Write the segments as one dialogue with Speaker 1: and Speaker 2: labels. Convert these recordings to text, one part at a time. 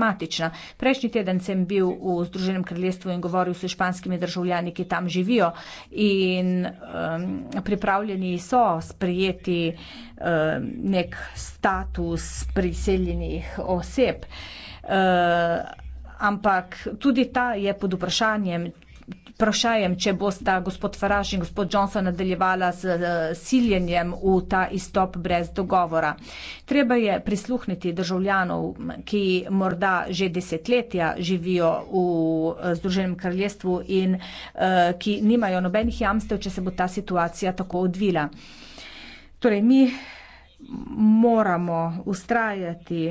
Speaker 1: problematična. Prejšnji teden sem bil v Združenem kraljestvu in govoril s španskimi državljani, ki tam živijo in um, pripravljeni so sprejeti um, nek status priseljenih oseb. Uh, ampak tudi ta je pod vprašanjem vprašajem, če bosta gospod Faraž in gospod Johnson nadaljevala z eh, siljenjem v ta izstop brez dogovora. Treba je prisluhniti državljanov, ki morda že desetletja živijo v eh, Združenem kraljestvu in eh, ki nimajo nobenih jamstev, če se bo ta situacija tako odvila. Torej, mi moramo ustrajati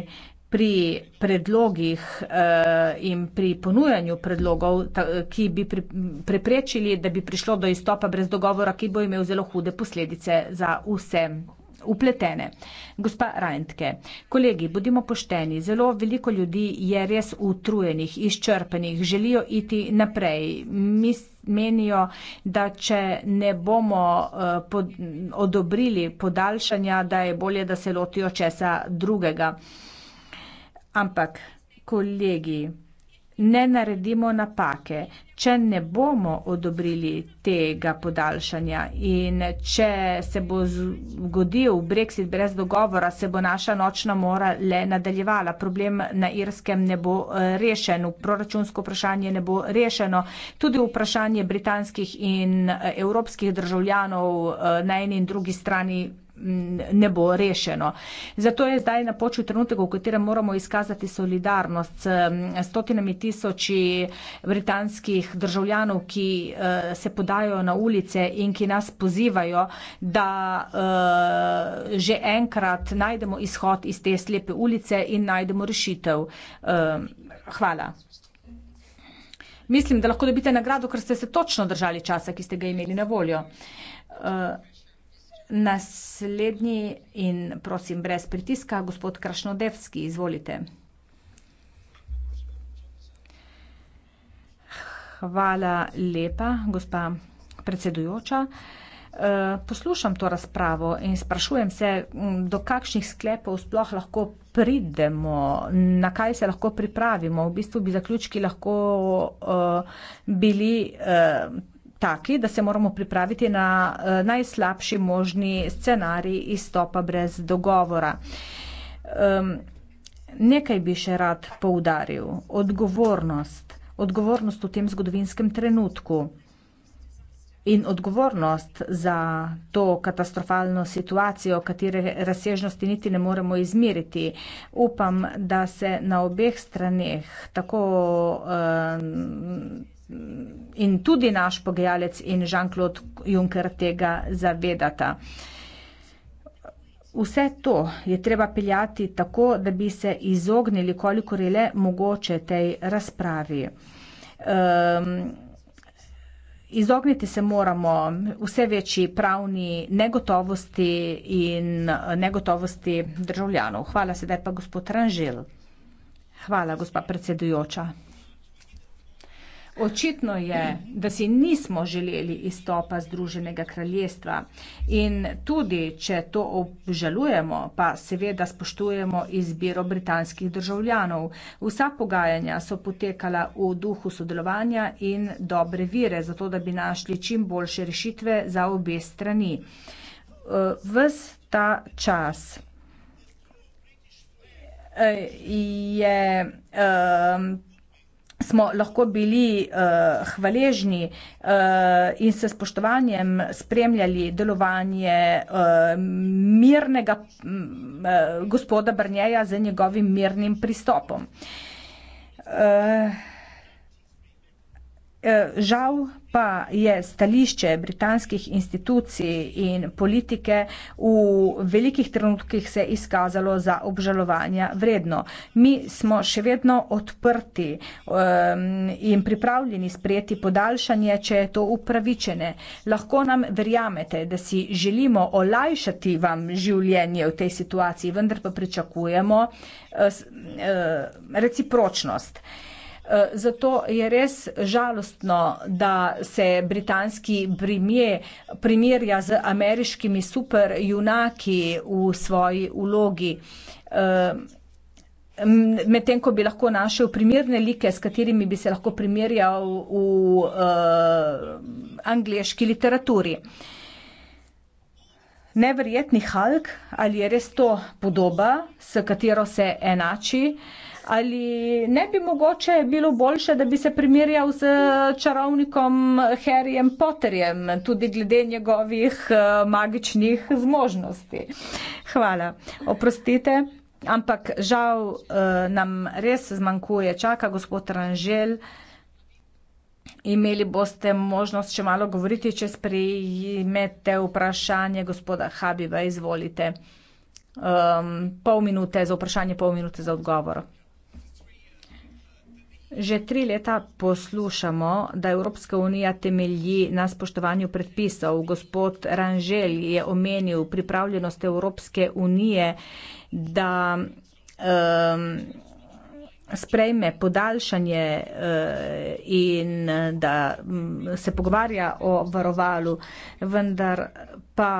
Speaker 1: pri predlogih eh, in pri ponujanju predlogov, ki bi preprečili, da bi prišlo do izstopa brez dogovora, ki bo imel zelo hude posledice za vse. Upletene. Gospa Rajntke, kolegi, bodimo pošteni, zelo veliko ljudi je res utrujenih, izčrpenih, želijo iti naprej. Mi menijo, da če ne bomo eh, pod, odobrili podaljšanja, da je bolje, da se lotijo česa drugega. Uh, Ampak, kolegi, ne naredimo napake, če ne bomo odobrili tega podaljšanja in če se bo zgodil brexit brez dogovora, se bo naša nočna mora le nadaljevala. Problem na Irskem ne bo eh, rešen, proračunsko vprašanje ne bo rešeno. Tudi vprašanje britanskih in eh, evropskih državljanov eh, na eni in drugi strani ne bo rešeno. Zato je zdaj na poču trenutek, v katerem moramo izkazati solidarnost s stotinami tisoči britanskih državljanov, ki e, se podajo na ulice in ki nas pozivajo, da e, že enkrat najdemo izhod iz te slepe ulice in najdemo rešitev. E, hvala. Mislim, da lahko dobite nagrado, ker ste se točno držali časa, ki ste ga imeli na voljo. Uh... Naslednji in prosim brez pritiska, gospod Krašnodevski, izvolite. Hvala lepa, gospa predsedujoča. Eh, poslušam to razpravo in sprašujem se, do kakšnih sklepov sploh lahko pridemo, na kaj se lahko pripravimo. V bistvu bi zaključki lahko eh, bili eh, taki, da se moramo pripraviti na eh, najslabši možni scenarij izstopa brez dogovora. Nekaj bi še rad poudaril. Odgovornost. Odgovornost v tem zgodovinskem trenutku. In odgovornost za to katastrofalno situacijo, katere razsežnosti niti ne moremo izmeriti. Upam, da se na obeh straneh tako eh, in tudi naš pogajalec in Jean-Claude Juncker tega zavedata. Vse to je treba peljati tako, da bi se izognili, kolikor je le mogoče tej razpravi. Um, Izogniti se moramo vse večji pravni negotovosti in eh, negotovosti državljanov. Hvala sedaj pa gospod Ranžel. Hvala, gospa predsedujoča. Očitno je, da si nismo želeli izstopa Združenega kraljestva in tudi, če to obžalujemo, pa seveda spoštujemo izbiro britanskih državljanov. Vsa pogajanja so potekala v duhu sodelovanja in dobre vire, zato da bi našli čim boljše rešitve za obe strani. Eh, ves ta čas eh, je eh, smo lahko bili uh, hvaležni uh, in se spoštovanjem spremljali delovanje uh, mirnega uh, gospoda Brnjeja z njegovim mirnim pristopom. Uh, Eh, žal pa je stališče britanskih institucij in politike v velikih trenutkih se izkazalo za obžalovanja vredno. Mi smo še vedno odprti um, in pripravljeni sprejeti podaljšanje, če je to upravičene. Lahko nam verjamete, da si želimo olajšati vam življenje v tej situaciji, vendar pa pričakujemo uh, uh, recipročnost. Uh, Eh, zato je res žalostno, da se britanski primer primerja z ameriškimi superjunaki v svoji ulogi. Eh, medtem, ko bi lahko našel primerne like, s katerimi bi se lahko primerjal v eh, angliški literaturi. Neverjetni Hulk, ali je res to podoba, s katero se enači? Uh, ali ne bi mogoče bilo boljše, da bi se primerjal z čarovnikom Harryjem Potterjem, tudi glede njegovih eh, magičnih zmožnosti. Hvala. Oprostite. Ampak žal uh, nam res zmanjkuje čaka, gospod Ranžel. Imeli boste možnost še malo govoriti, če sprejmete vprašanje gospoda Habiba. Izvolite. Um, pol minute za vprašanje, pol minute za odgovor. Že tri leta poslušamo, da Evropska unija temelji na spoštovanju predpisov. Gospod Ranžel je omenil pripravljenost Evropske unije, da um, sprejme podaljšanje uh, in da um, se pogovarja o varovalu, vendar pa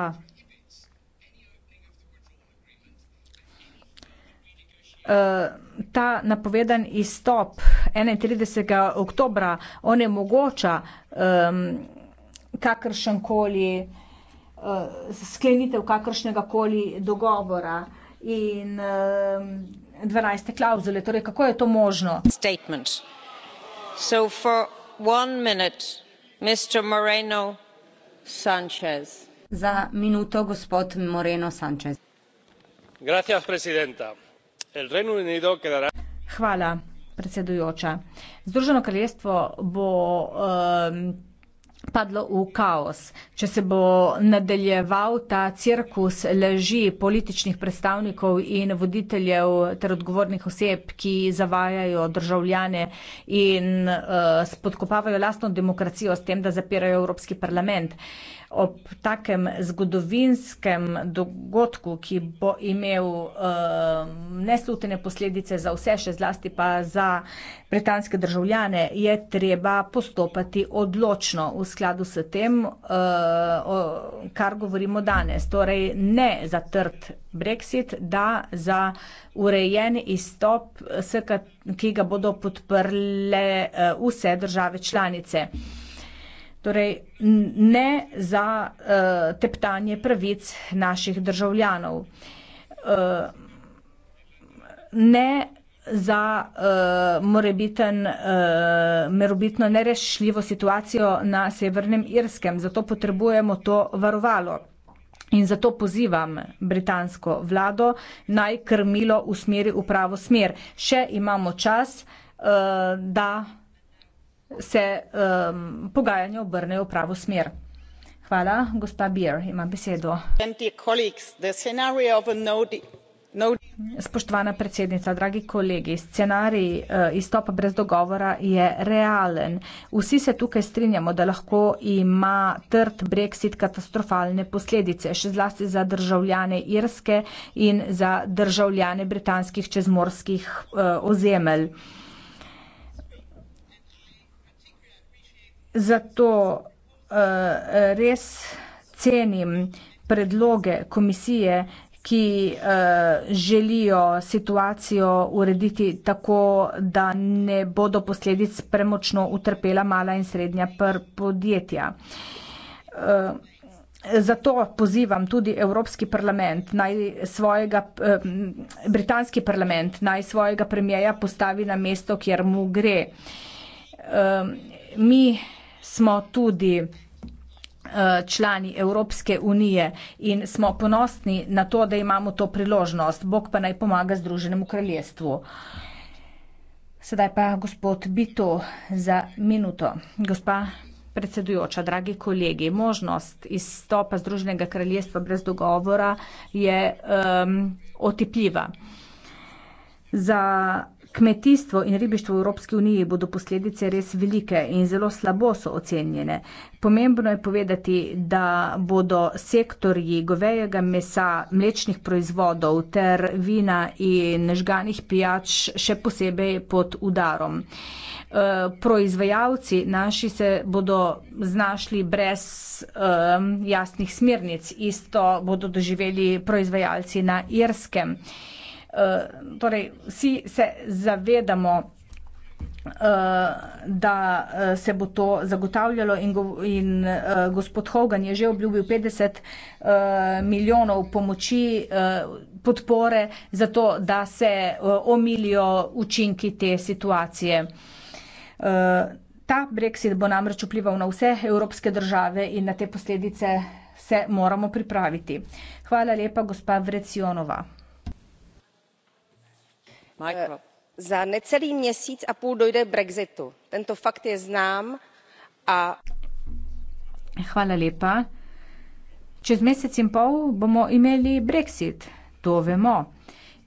Speaker 1: ta napovedan izstop 31. oktobra onemogoča um, kakršen koli uh, eh, sklenitev kakršnega koli dogovora in um, 12. klauzule. Torej, kako je to možno?
Speaker 2: Statement. So for one minute, Mr. Moreno Sanchez.
Speaker 3: Za minuto, gospod Moreno Sanchez.
Speaker 2: Gracias, presidenta.
Speaker 1: Hvala, predsedujoča. Združeno kraljestvo bo, padlo v kaos, če se bo nadaljeval ta cirkus laži političnih predstavnikov in voditeljev ter odgovornih oseb, ki zavajajo državljane in, eh, spodkopavajo lastno demokracijo s tem, da zapirajo Evropski parlament ob takem zgodovinskem dogodku, ki bo imel uh, neslutene posledice za vse, še zlasti pa za britanske državljane, je treba postopati odločno v skladu s tem, uh, o, kar govorimo danes. Torej, ne za trd Brexit, da za urejen izstop, ki ga bodo podprle uh, vse države članice. Torej, ne za uh, teptanje pravic naših državljanov, uh, ne za uh, morebiten, uh, merobitno nerešljivo situacijo na Severnem Irskem. Zato potrebujemo to varovalo. In zato pozivam britansko vlado naj krmilo usmeri v pravo smer. Še imamo čas, uh, da se um, pogajanja obrnejo v pravo smer. Hvala, gospa Beer, ima besedo. No no Spoštovana predsednica, dragi kolegi, scenarij uh, izstopa brez dogovora je realen. Vsi se tukaj strinjamo, da lahko ima trd Brexit katastrofalne posledice, še zlasti za državljane Irske in za državljane britanskih čezmorskih uh, ozemelj. Zato eh, res cenim predloge komisije, ki eh, želijo situacijo urediti tako, da ne bodo posledic premočno utrpela mala in srednja podjetja. Eh, zato pozivam tudi Evropski parlament, naj svojega, britanski parlament, naj svojega premijeja postavi na mesto, kjer mu gre. Mi smo tudi eh, člani Evropske unije in smo ponosni na to, da imamo to priložnost. Bog pa naj pomaga Združenemu kraljestvu. Sedaj pa gospod Bito za minuto. Gospa predsedujoča, dragi kolegi, možnost izstopa Združenega kraljestva brez dogovora je um, ehm, otepljiva. Za kmetijstvo in ribištvo v Evropski uniji bodo posledice res velike in zelo slabo so ocenjene. Pomembno je povedati, da bodo sektorji govejega mesa, mlečnih proizvodov ter vina in žganih pijač še posebej pod udarom. E, proizvajalci naši se bodo znašli brez e, jasnih smernic, isto bodo doživeli proizvajalci na Irskem. Eh, torej, vsi se zavedamo, eh, da eh, se bo to zagotavljalo in, go, in gospod Hogan je že obljubil 50 milijonov pomoči, podpore za to, da se omilijo učinki te situacije. Ta brexit bo namreč vplival na vse evropske države in na te posledice se moramo pripraviti. Hvala lepa, gospa Vrecionova. Eh, za necelý měsíc
Speaker 3: a půl dojde k brexitu tento fakt je znám
Speaker 1: a Hvala lepa. Čez mesec in pol bomo imeli brexit, to vemo.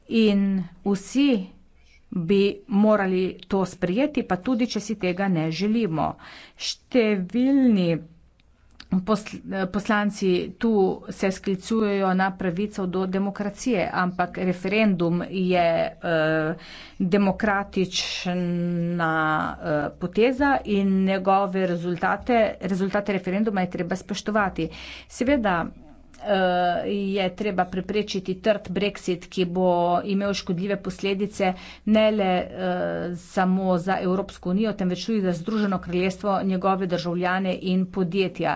Speaker 1: In vsi bi morali to sprijeti, pa tudi, če si tega ne želimo. Številni Posl eh, poslanci tu se sklicujejo na pravico do demokracije, ampak referendum je eh, demokratična eh, poteza in njegove rezultate, rezultate referenduma je treba spoštovati. Seveda, Eh, je treba preprečiti trd brexit, ki bo imel škodljive posledice ne le eh, samo za Evropsko unijo, temveč tudi za Združeno kraljestvo, njegove državljane in podjetja.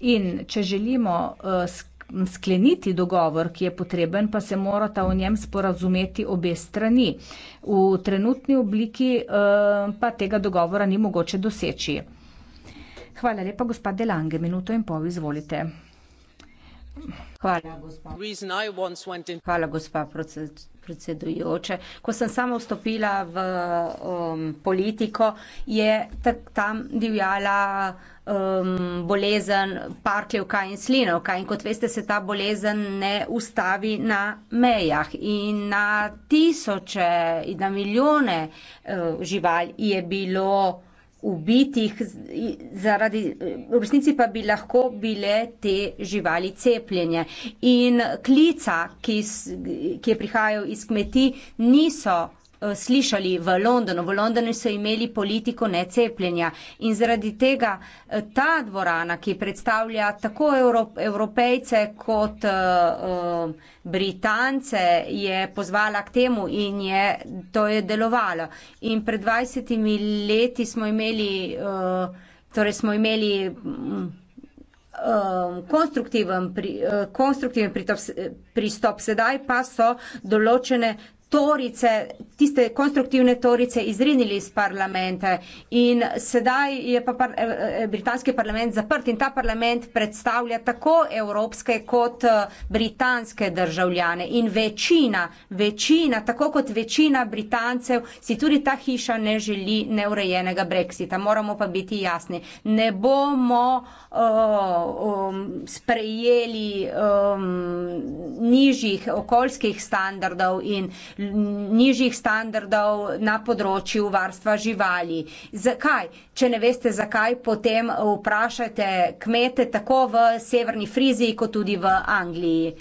Speaker 1: In če želimo eh, skleniti dogovor, ki je potreben, pa se morata v njem sporazumeti obe strani. V trenutni obliki pa tega dogovora ni mogoče doseči. Hvala lepa, gospod Delange. Minuto in pol, izvolite.
Speaker 2: Hvala,
Speaker 3: gospa predsedujoča. Ko sem sama vstopila v, um, politiko, je tam divjala, um, bolezen parkljivka in slinavka. In kot veste, se ta bolezen ne ustavi na mejah. In na tisoče in na milijone, uh, živali je bilo ubitih, zaradi, v resnici pa bi lahko bile te živali cepljenje. In klica, ki, ki je prihajal iz kmetij, niso Eh, slišali v Londonu. V Londonu so imeli politiko necepljenja in zaradi tega eh, ta dvorana, ki predstavlja tako evropejce kot eh, Britance, je pozvala k temu in je, to je delovalo. In pred 20 leti smo imeli, torej smo imeli mm, konstruktiven, pri, konstruktiven pritop, pristop. Sedaj pa so določene torice, tiste konstruktivne torice izrinili iz parlamenta in sedaj je pa par, eh, eh, britanski parlament zaprt in ta parlament predstavlja tako evropske kot eh, britanske državljane in večina, večina, tako kot večina britancev si tudi ta hiša ne želi neurejenega brexita. Moramo pa biti jasni, ne bomo uh, um, sprejeli um, nižjih okoljskih standardov in nižjih standardov na področju varstva živali. Zakaj? Če ne veste, zakaj, potem vprašajte kmete tako v Severni Friziji, kot tudi v Angliji.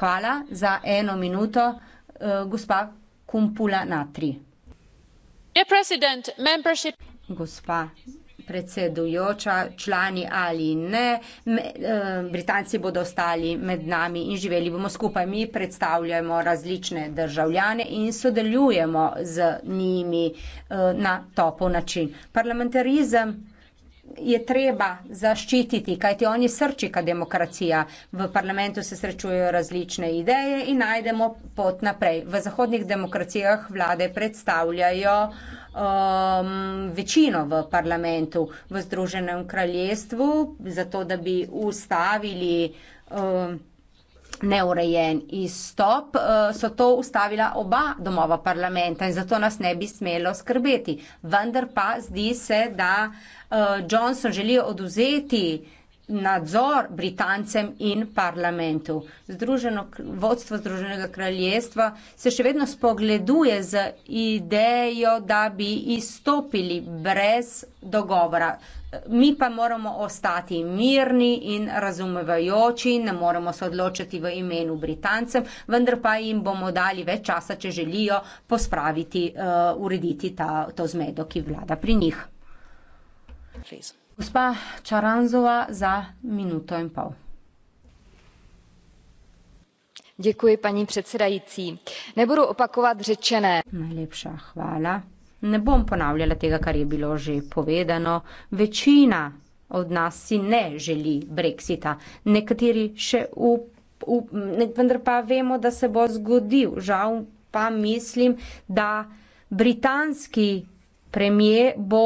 Speaker 3: Hvala za eno minuto, eh, gospa Kumpula Natri. Gospa predsedujoča, člani ali ne, me, e, Britanci bodo ostali med nami in živeli bomo skupaj. Mi predstavljamo različne državljane in sodelujemo z njimi e, na topo način. Parlamentarizem je treba zaščititi, kajti on je srčika demokracija. V parlamentu se srečujejo različne ideje in najdemo pot naprej. V zahodnih demokracijah vlade predstavljajo um, večino v parlamentu v Združenem kraljestvu, zato da bi ustavili um, neurejen izstop, uh, so to ustavila oba domova parlamenta in zato nas ne bi smelo skrbeti. Vendar pa zdi se, da uh, Johnson želi oduzeti uh, nadzor Britancem in parlamentu. Združeno, vodstvo Združenega kraljestva se še vedno spogleduje z idejo, da bi izstopili brez dogovora. Mi pa moramo ostati mirni in razumevajoči, ne moremo se odločiti v imenu Britancem, vendar pa jim bomo dali več časa, če želijo pospraviti, uh, urediti ta, to zmedo, ki vlada pri njih. Please. Gospa Čaranzova za minuto in pol. Děkuji, paní předsedající. Nebudu opakovat řečené. Najlepša hvala. Ne bom ponavljala tega, kar je bilo že povedano. Večina od nas si ne želi Brexita. Nekateri še up, up, ne, vendar pa vemo, da se bo zgodil. Žal pa mislim, da britanski premije bo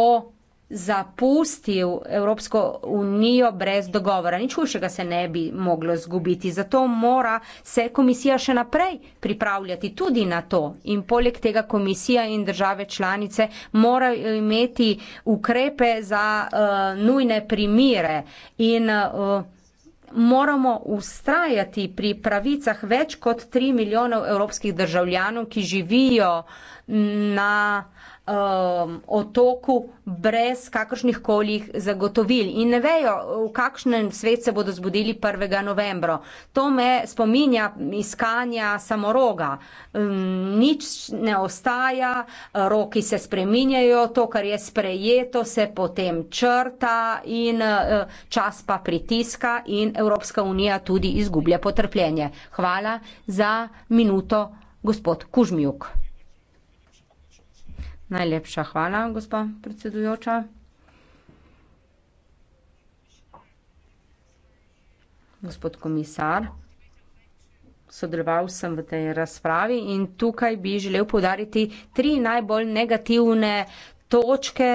Speaker 3: zapustil Evropsko unijo brez dogovora. Nič hujšega se ne bi moglo zgubiti. Zato mora se komisija še naprej pripravljati tudi na to. In poleg tega komisija in države članice morajo imeti ukrepe za uh, nujne primire. In uh, moramo ustrajati pri pravicah več kot tri milijonov evropskih državljanov, ki živijo uh, na um, otoku brez kakršnih kolih zagotovil in ne vejo, v kakšnem svet se bodo zbudili 1. novembro. To me spominja iskanja samoroga. Um, nič ne ostaja, roki se spreminjajo, to, kar je sprejeto, se potem črta in uh, čas pa pritiska in Evropska unija tudi izgublja potrpljenje. Hvala za minuto, gospod Kužmjuk. Najlepša hvala, gospa predsedujoča. Gospod komisar, sodeloval sem v tej razpravi in tukaj bi želel podariti tri najbolj negativne točke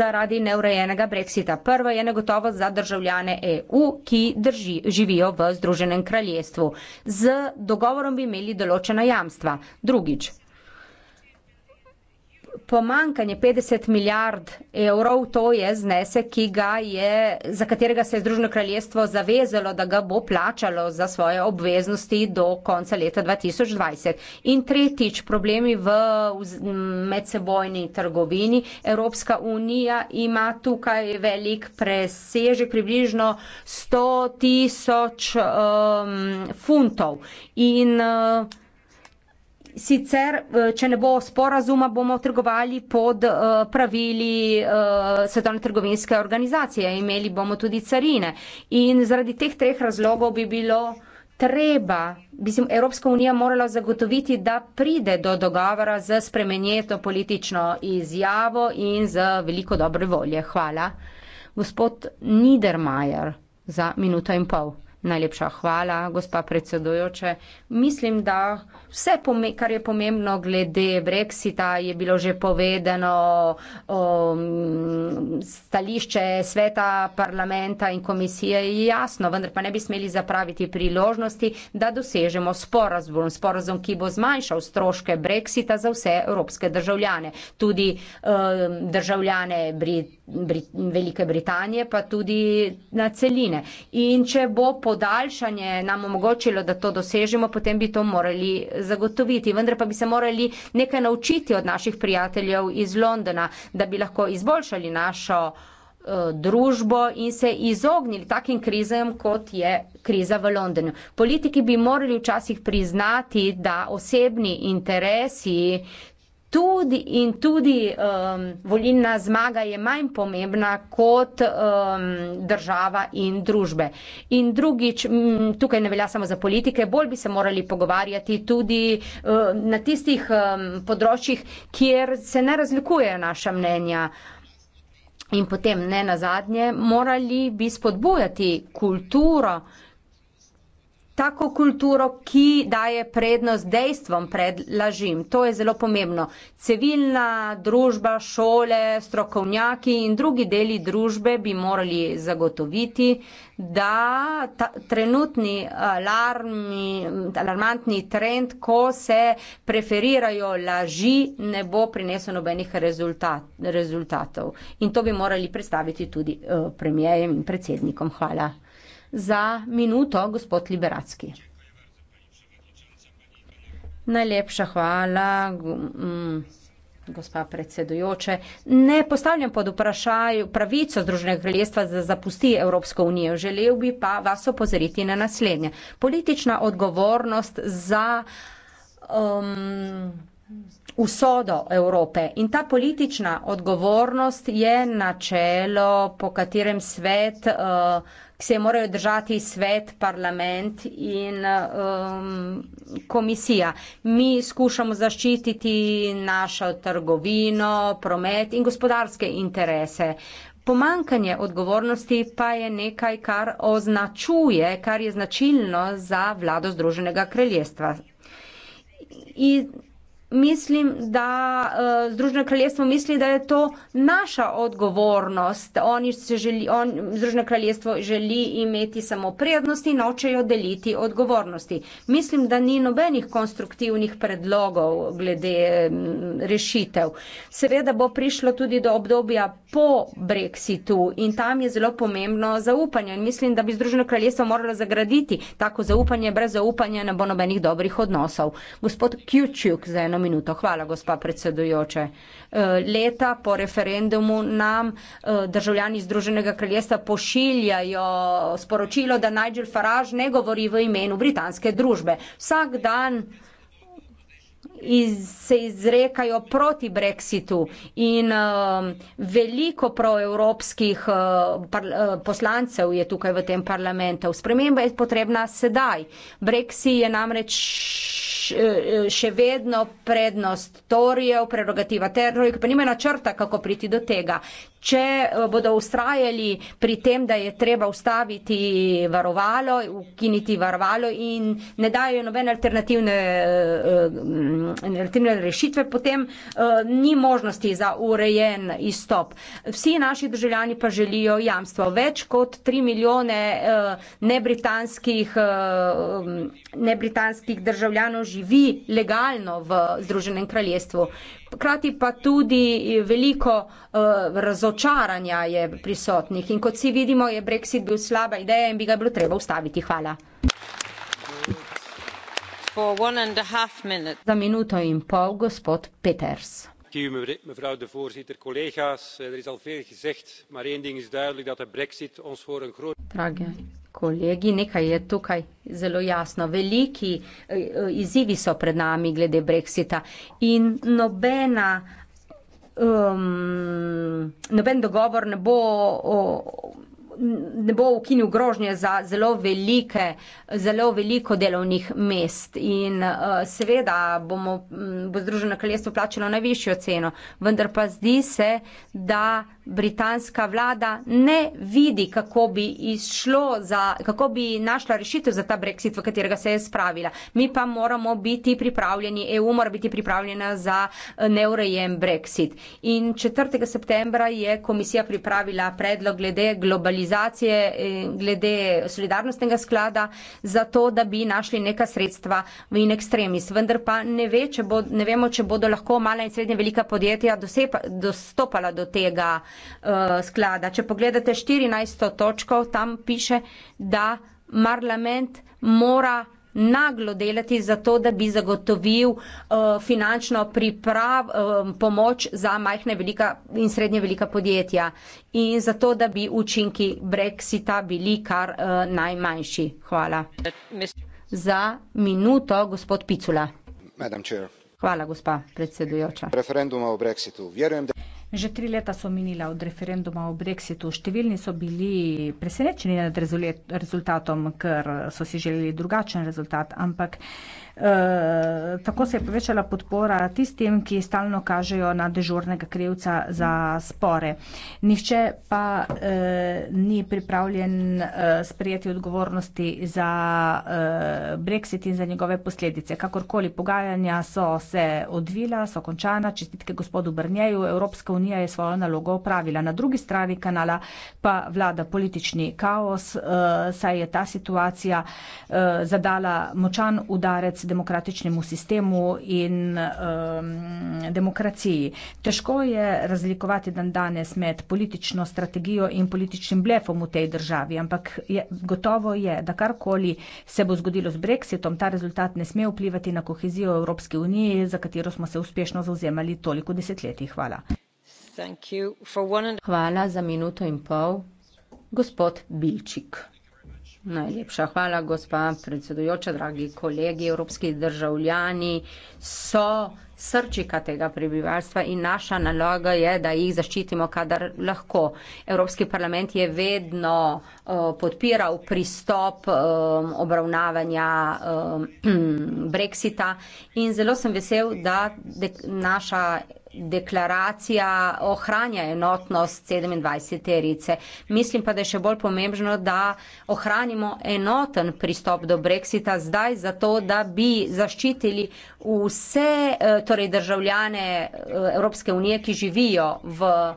Speaker 3: zaradi neurejenega brexita. Prva je negotovost za državljane EU, ki drži, živijo v Združenem kraljestvu. Z dogovorom bi imeli določena jamstva. Drugič, pomankanje 50 milijard evrov, to je znesek, ki ga je, za katerega se je Združeno kraljestvo zavezalo, da ga bo plačalo za svoje obveznosti do konca leta 2020. In tretjič, problemi v medsebojni trgovini. Evropska unija ima tukaj velik presežek, približno 100 tisoč um, funtov. In, uh, Sicer, eh, če ne bo sporazuma, bomo trgovali pod eh, pravili eh, Svetovne trgovinske organizacije, imeli bomo tudi carine. In zaradi teh treh razlogov bi bilo treba, bi se Evropska unija morala zagotoviti, da pride do dogovora z spremenjeto politično izjavo in z veliko dobre volje. Hvala. Gospod Niedermayer za minuto in pol. Najlepša hvala, gospa predsedujoče. Mislim, da Vse, kar je pomembno glede Brexita, je bilo že povedano, um, stališče sveta parlamenta in komisije je jasno, vendar pa ne bi smeli zapraviti priložnosti, da dosežemo sporazum, sporazum, ki bo zmanjšal stroške Brexita za vse evropske državljane, tudi um, državljane Brit, Brit, Velike Britanije, pa tudi na celine. In če bo podaljšanje nam omogočilo, da to dosežemo, potem bi to morali zagotoviti, vendar pa bi se morali nekaj naučiti od naših prijateljev iz Londona, da bi lahko izboljšali našo eh, družbo in se izognili takim krizem, kot je kriza v Londonu. Politiki bi morali včasih priznati, da osebni interesi tudi in tudi um, volilna zmaga je manj pomembna kot um, država in družbe. In drugič, m, tukaj ne velja samo za politike, bolj bi se morali pogovarjati tudi um, na tistih um, področjih, kjer se ne razlikujejo naša mnenja. In potem ne na zadnje, morali bi spodbujati kulturo, uh, tako kulturo, ki daje prednost dejstvom pred lažim. To je zelo pomembno. Civilna družba, šole, strokovnjaki in drugi deli družbe bi morali zagotoviti, da ta, trenutni eh, alarmi, alarmantni trend, ko se preferirajo laži, ne bo prinesel nobenih rezultat, rezultatov. In to bi morali predstaviti tudi uh, eh, premijejem in predsednikom. Hvala za minuto, gospod Liberacki. Najlepša hvala, mm, gospa predsedujoče. Ne postavljam pod vprašaj pravico Združenega kraljestva za zapusti Evropsko unijo. Želel bi pa vas opozoriti na naslednje. Politična odgovornost za um, usodo Evrope. In ta politična odgovornost je načelo, po katerem svet. Uh, se morajo držati svet, parlament in um, komisija. Mi skušamo zaščititi našo trgovino, promet in gospodarske interese. Pomankanje odgovornosti pa je nekaj, kar označuje, kar je značilno za vlado Združenega kraljestva. In mislim, da uh, Združeno kraljestvo misli, da je to naša odgovornost. Oni se želi, on, Združeno kraljestvo želi imeti samo prednosti, nočejo deliti odgovornosti. Mislim, da ni nobenih konstruktivnih predlogov glede m, rešitev. Seveda bo prišlo tudi do obdobja po Brexitu in tam je zelo pomembno zaupanje. In mislim, da bi Združeno kraljestvo moralo zagraditi tako zaupanje, brez zaupanja ne bo nobenih dobrih odnosov. Gospod Kjučuk za eno eno minuto. Hvala, gospa predsedujoče. Eh, leta po referendumu nam eh, državljani Združenega kraljestva pošiljajo sporočilo, da Nigel Farage ne govori v imenu britanske družbe. Vsak dan iz, se izrekajo proti brexitu in uh, veliko proevropskih uh, uh, poslancev je tukaj v tem parlamentu. Sprememba je potrebna sedaj. Brexit je namreč uh, še vedno prednost torjev, prerogativa terorik, pa nima načrta, kako priti do tega če eh, bodo ustrajali pri tem, da je treba ustaviti varovalo, ukiniti varovalo in ne dajo nobene alternativne, eh, eh, alternativne rešitve, potem ni možnosti za urejen izstop. Vsi naši državljani pa želijo jamstvo. Več kot 3 milijone nebritanskih, nebritanskih državljanov živi legalno v Združenem kraljestvu. Hkrati pa tudi eh, veliko uh, razočaranja je prisotnih in kot vsi vidimo, je Brexit bil slaba ideja in bi ga bilo treba ustaviti. Hvala. Za minuto in pol, gospod Peters.
Speaker 2: Mevrouw de voorzitter, collega's, eh, er is al veel gezegd, maar één ding is duidelijk dat de brexit ons voor een groot...
Speaker 3: Drage kolegi, nekaj je tukaj zelo jasno. Veliki eh, izzivi so pred nami glede Brexita in nobena. Um, noben dogovor ne bo, o, ne bo ukinil grožnje za zelo, velike, zelo veliko delovnih mest. In uh, seveda bomo, bo Združeno kraljestvo plačalo najvišjo ceno, vendar pa zdi se, da britanska vlada ne vidi, kako bi izšlo, za, kako bi našla rešitev za ta brexit, v katerega se je spravila. Mi pa moramo biti pripravljeni, EU mora biti pripravljena za eh, neurejen brexit. In 4. septembra je komisija pripravila predlog glede globalizacije, eh, glede solidarnostnega sklada, zato da bi našli neka sredstva v in ekstremis. Vendar pa ne, ve, če bo, ne vemo, če bodo lahko mala in srednja velika podjetja dosepa, dostopala do tega, Eh, sklada. Če pogledate 14. točko, tam piše, da parlament mora naglo delati za to, da bi zagotovil uh, finančno priprav, uh, pomoč za majhne velika in srednje velika podjetja in za to, da bi učinki brexita bili kar uh, najmanjši. Hvala. Za minuto, gospod Picula.
Speaker 1: Hvala, gospa
Speaker 2: predsedujoča. Referenduma o brexitu. Vjerujem, da...
Speaker 1: Že tri leta so minila od referenduma o Brexitu. Številni so bili presenečeni nad rezultatom, ker so si želeli drugačen rezultat, ampak Eh, tako se je povečala podpora tistim, ki stalno kažejo na dežurnega krivca za spore. Nihče pa e, ni pripravljen e, sprejeti odgovornosti za e, Brexit in za njegove posledice. Kakorkoli pogajanja so se odvila, so končana, čestitke gospodu Brnjeju, Evropska unija je svojo nalogo opravila. Na drugi strani kanala pa vlada politični kaos, e, saj je ta situacija e, zadala močan udarec demokratičnemu sistemu in um, demokraciji. Težko je razlikovati dan danes med politično strategijo in političnim blefom v tej državi, ampak je, gotovo je, da karkoli se bo zgodilo z brexitom, ta rezultat ne sme vplivati na kohezijo Evropske unije, za katero smo se uspešno zauzemali toliko desetletij. Hvala. Hvala za minuto in pol. Gospod Bilčik.
Speaker 3: Najlepša hvala, gospa predsedujoča, dragi kolegi, evropski državljani so srčika tega prebivalstva in naša naloga je, da jih zaščitimo, kadar lahko. Evropski parlament je vedno uh, podpiral pristop um, obravnavanja um, Brexita in zelo sem vesel, da dek, naša deklaracija ohranja enotnost 27. terice. Mislim pa, da je še bolj pomembno, da ohranimo enoten pristop do Brexita zdaj, zato da bi zaščitili vse eh, torej državljane eh, Evropske unije, ki živijo v eh,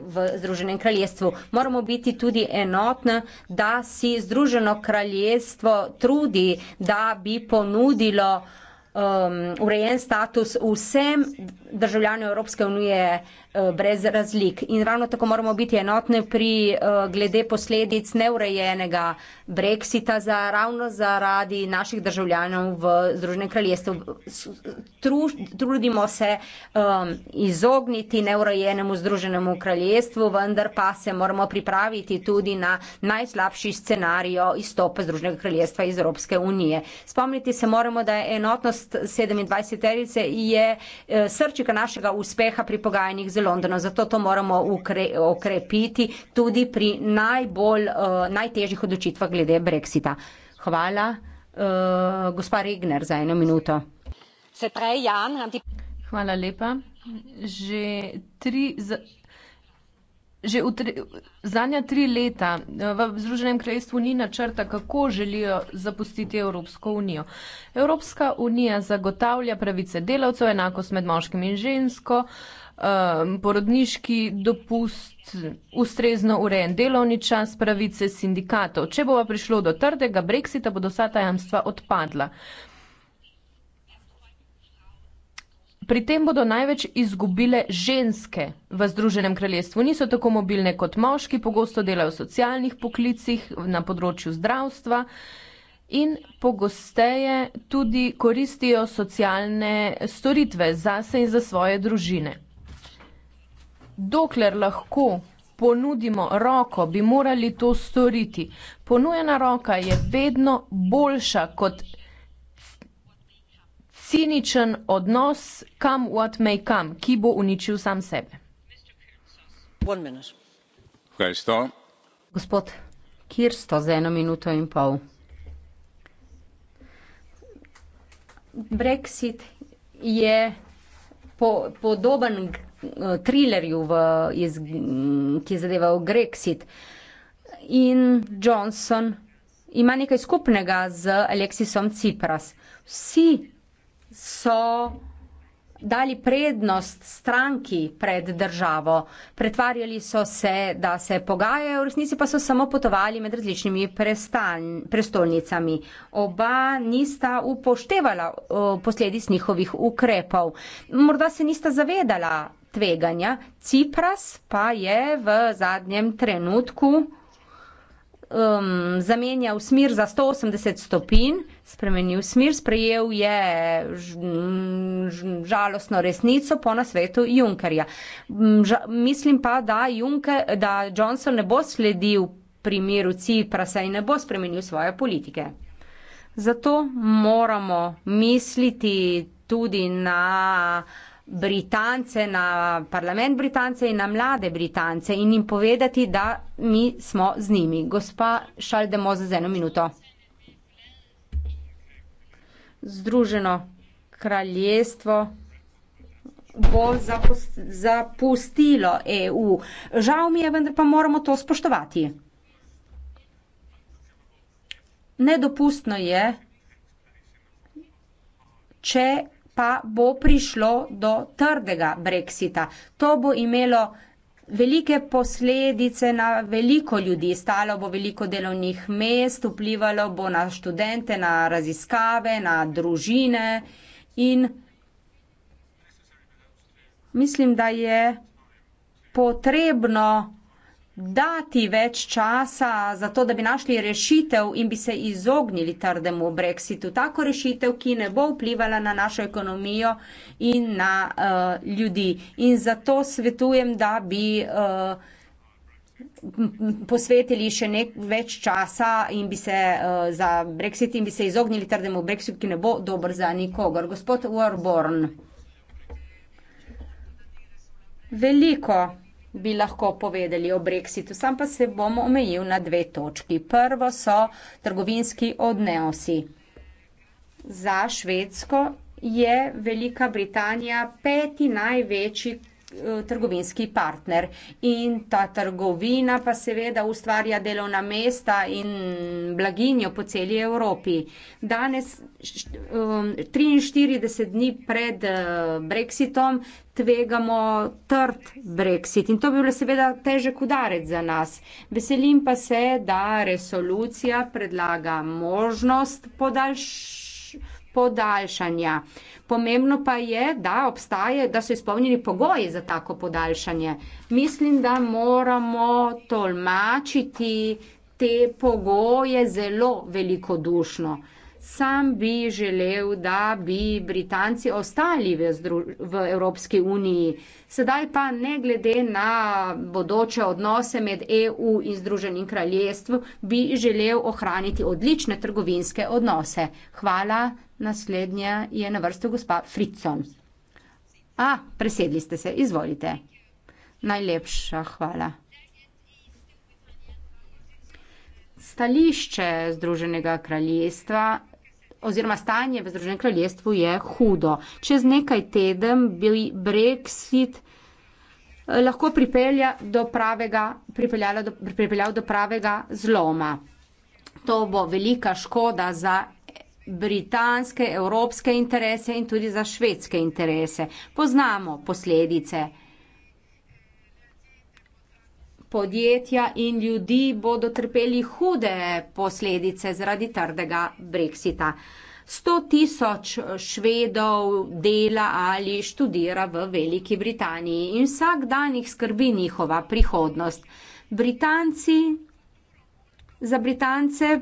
Speaker 3: v Združenem kraljestvu. Moramo biti tudi enotni, da si Združeno kraljestvo trudi, da bi ponudilo uh, um, urejen status vsem državljanom Evropske unije uh, brez razlik. In ravno tako moramo biti enotni pri uh, glede posledic neurejenega brexita za, ravno zaradi naših državljanov v Združenem kraljestvu. Tru, trudimo se um, izogniti neurejenemu Združenemu kraljestvu, vendar pa se moramo pripraviti tudi na najslabši scenarij izstopa Združenega kraljestva iz Evropske unije. Spomniti se moramo, da je enotnost gost 27-terice je eh, srčika našega uspeha pri pogajanjih z Londonom. Zato to moramo ukre, okrepiti tudi pri najbolj, uh, najtežjih odločitvah glede Brexita. Hvala, uh, gospa Regner, za eno minuto.
Speaker 4: Hvala lepa. Že tri. Za... Že zadnja tri leta eh, v Združenem kraljestvu ni načrta, kako želijo zapustiti Evropsko unijo. Evropska unija zagotavlja pravice delavcev, enakost med moškim in žensko, eh, porodniški dopust, ustrezno urejen delovni čas, pravice sindikatov. Če bo pa prišlo do trdega brexita, bodo vsa tajamstva odpadla. Pri tem bodo največ izgubile ženske v Združenem kraljestvu. Niso tako mobilne kot moški, pogosto delajo v socialnih poklicih, na področju zdravstva in pogosteje tudi koristijo socialne storitve zase in za svoje družine. Dokler lahko ponudimo roko, bi morali to storiti. Ponujena roka je vedno boljša kot ciničen odnos, come what may come, ki bo uničil sam sebe. Kajsto. Gospod Kirsto, za eno
Speaker 3: minuto in pol. Brexit je po, podoben eh, trilerju, v, iz, ki je zadeval Brexit. In Johnson ima nekaj skupnega z Aleksisom Cipras. Vsi so dali prednost stranki pred državo. Pretvarjali so se, da se pogajajo, v resnici pa so samo potovali med različnimi prestan, prestolnicami. Oba nista upoštevala posledic njihovih ukrepov. Morda se nista zavedala tveganja. Cipras pa je v zadnjem trenutku um, zamenjal smer za 180 stopinj spremenil smer, sprejel je žalostno resnico po nasvetu Junkerja. Mislim pa, da, Juncker, da Johnson ne bo sledil primeru Ciprasa in ne bo spremenil svoje politike. Zato moramo misliti tudi na Britance, na parlament Britance in na mlade Britance in jim povedati, da mi smo z njimi. Gospa Šaldemoz, z eno minuto. Združeno kraljestvo bo zapustilo EU. Žal mi je, vendar pa moramo to spoštovati. Nedopustno je, če pa bo prišlo do trdega brexita. To bo imelo velike posledice na veliko ljudi. Stalo bo veliko delovnih mest, vplivalo bo na študente, na raziskave, na družine in mislim, da je potrebno dati več časa za to, da bi našli rešitev in bi se izognili trdemu brexitu. Tako rešitev, ki ne bo vplivala na našo ekonomijo in na uh, ljudi. In zato svetujem, da bi uh, posvetili še nek več časa in bi se uh, za brexit in bi se izognili trdemu brexitu, ki ne bo dober za nikogar. Gospod Warborn. Veliko bi lahko povedali o brexitu, sam pa se bom omejil na dve točki. Prvo so trgovinski odneosi. Za Švedsko je Velika Britanija peti največji Eh, trgovinski partner. In ta trgovina pa seveda ustvarja delovna mesta in blaginjo po celi Evropi. Danes, 43 um, dni pred eh, Brexitom, tvegamo trd Brexit in to bi bilo seveda težek udarec za nas. Veselim pa se, da resolucija predlaga možnost podaljšanja podaljšanja. Pomembno pa je, da obstaje, da so izpolnjeni pogoji za tako podaljšanje. Mislim, da moramo tolmačiti te pogoje zelo velikodušno sam bi želel, da bi Britanci ostali v, v Evropski uniji. Sedaj pa ne glede na bodoče odnose med EU in Združenim kraljestvom, bi želel ohraniti odlične trgovinske odnose. Hvala, naslednja je na vrsti gospa Fritzon. A, presedli ste se, izvolite. Najlepša hvala. Stališče Združenega kraljestva oziroma stanje v Združenem kraljestvu je hudo. Čez nekaj teden bi Brexit eh, lahko pripelja do pravega, do, pripeljal do pravega zloma. To bo velika škoda za britanske, evropske interese in tudi za švedske interese. Poznamo posledice podjetja in ljudi bodo trpeli hude posledice zaradi trdega brexita. 100 tisoč švedov dela ali študira v Veliki Britaniji in vsak dan jih skrbi njihova prihodnost. Britanci, za Britance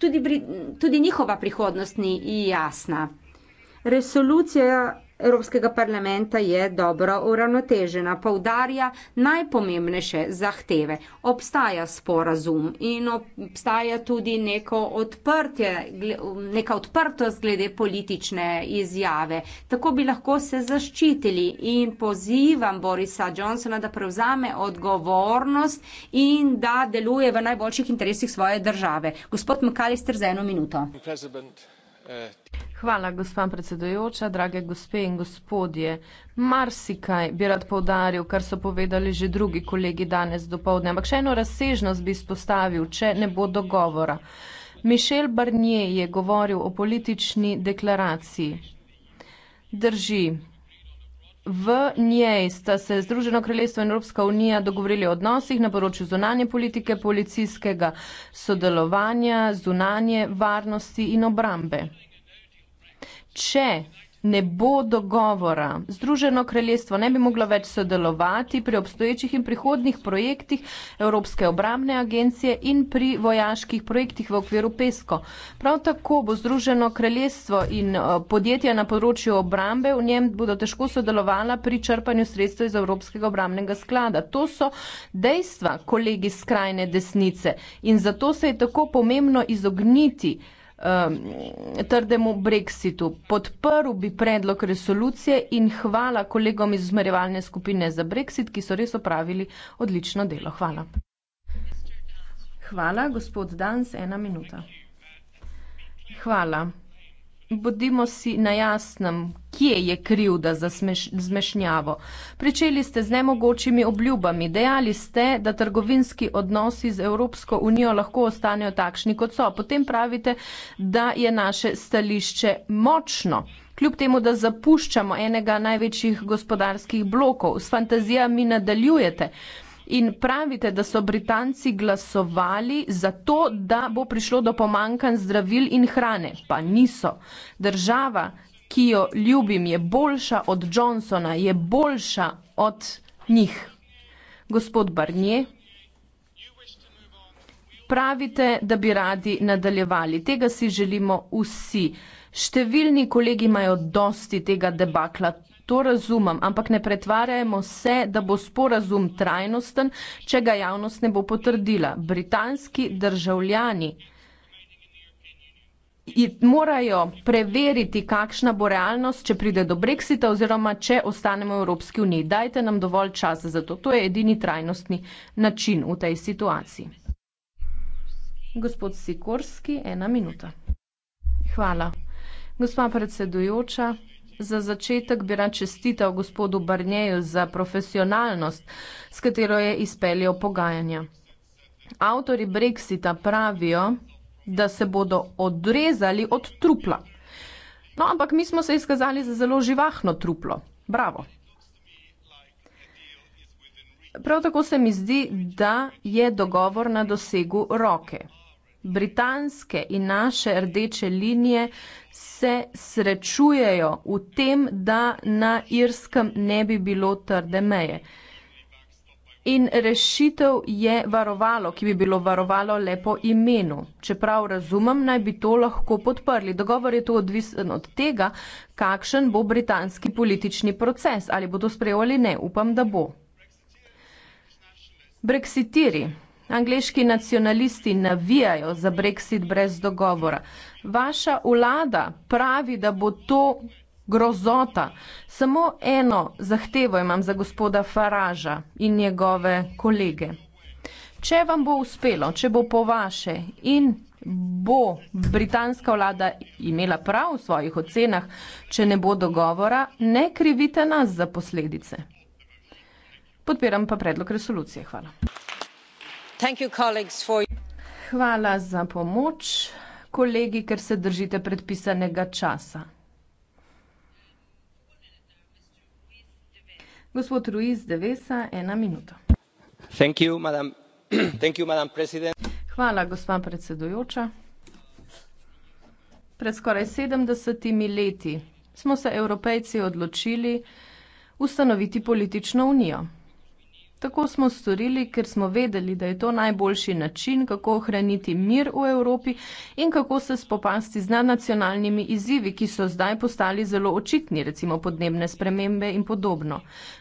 Speaker 3: tudi, tudi njihova prihodnost ni jasna. Resolucija Evropskega parlamenta je dobro uravnotežena, povdarja najpomembnejše zahteve. Obstaja sporazum in obstaja tudi neko odprtje, neka odprtost glede politične izjave. Tako bi lahko se zaščitili in pozivam Borisa Johnsona, da prevzame odgovornost in da deluje v najboljših interesih svoje
Speaker 4: države. Gospod McAllister, za eno minuto.
Speaker 1: President.
Speaker 4: Hvala, gospa predsedujoča, drage gospe in gospodje. Marsikaj bi rad povdaril, kar so povedali že drugi kolegi danes dopovdne, ampak še eno razsežnost bi spostavil, če ne bo dogovora. Mišel Barnier je govoril o politični deklaraciji. Drži, V njej sta se Združeno kraljestvo in Evropska unija dogovorili o odnosih na področju zunanje politike, policijskega sodelovanja, zunanje varnosti in obrambe. Če ne bo dogovora. Združeno kraljestvo ne bi moglo več sodelovati pri obstoječih in prihodnih projektih Evropske obramne agencije in pri vojaških projektih v okviru PESCO. Prav tako bo Združeno kraljestvo in eh, podjetja na področju obrambe v njem bodo težko sodelovala pri črpanju sredstev iz Evropskega obramnega sklada. To so dejstva, kolegi skrajne desnice. In zato se je tako pomembno izogniti um, trdemu brexitu. Podprl bi predlog resolucije in hvala kolegom iz zmerjevalne skupine za brexit, ki so res opravili odlično delo. Hvala. Hvala, gospod Dans, ena minuta. Hvala. Bodimo si na jasnem, kje je krivda za zmešnjavo. Pričeli ste z nemogočimi obljubami. Dejali ste, da trgovinski odnosi z Evropsko unijo lahko ostanejo takšni, kot so. Potem pravite, da je naše stališče močno. Kljub temu, da zapuščamo enega največjih gospodarskih blokov, s fantazijami nadaljujete. In pravite, da so Britanci glasovali za to, da bo prišlo do pomankanj zdravil in hrane, pa niso. Država, ki jo ljubim, je boljša od Johnsona, je boljša od njih. Gospod Barnier, pravite, da bi radi nadaljevali. Tega si želimo vsi. Številni kolegi imajo dosti tega debakla. To razumem, ampak ne pretvarjajmo se, da bo sporazum trajnosten, če ga javnost ne bo potrdila. Britanski državljani morajo preveriti, kakšna bo realnost, če pride do brexita oziroma če ostanemo v Evropski uniji. Dajte nam dovolj časa za to. To je edini trajnostni način v tej situaciji. Gospod Sikorski, ena minuta. Hvala. Gospa predsedujoča, Za začetek bi rad čestital gospodu Barnjeju za profesionalnost, s katero je izpeljal pogajanja. Avtori Brexita pravijo, da se bodo odrezali od trupla. No, ampak mi smo se izkazali za zelo živahno truplo. Bravo. Prav tako se mi zdi, da je dogovor na dosegu roke britanske in naše rdeče linije se srečujejo v tem, da na Irskem ne bi bilo trde meje. In rešitev je varovalo, ki bi bilo varovalo lepo imenu. Čeprav razumem, naj bi to lahko podprli. Dogovor je to odvisen od tega, kakšen bo britanski politični proces. Ali bodo sprejeli ali ne. Upam, da bo. Brexitiri. Angleški nacionalisti navijajo za brexit brez dogovora. Vaša vlada pravi, da bo to grozota. Samo eno zahtevo imam za gospoda Faraža in njegove kolege. Če vam bo uspelo, če bo po vaše in bo britanska vlada imela prav v svojih ocenah, če ne bo dogovora, ne krivite nas za posledice. Podpiram pa predlog resolucije. Hvala. Hvala za pomoč, kolegi, ker se držite predpisanega časa. Gospod Ruiz de Vesa, ena minuta. Hvala, gospa predsedujoča. Pred skoraj sedemdesetimi leti smo se Evropejci odločili ustanoviti politično unijo. Tako smo storili, ker smo vedeli, da je to najboljši način, kako ohraniti mir v Evropi in kako se spopasti z nadnacionalnimi izzivi, ki so zdaj postali zelo očitni, recimo podnebne spremembe in podobno.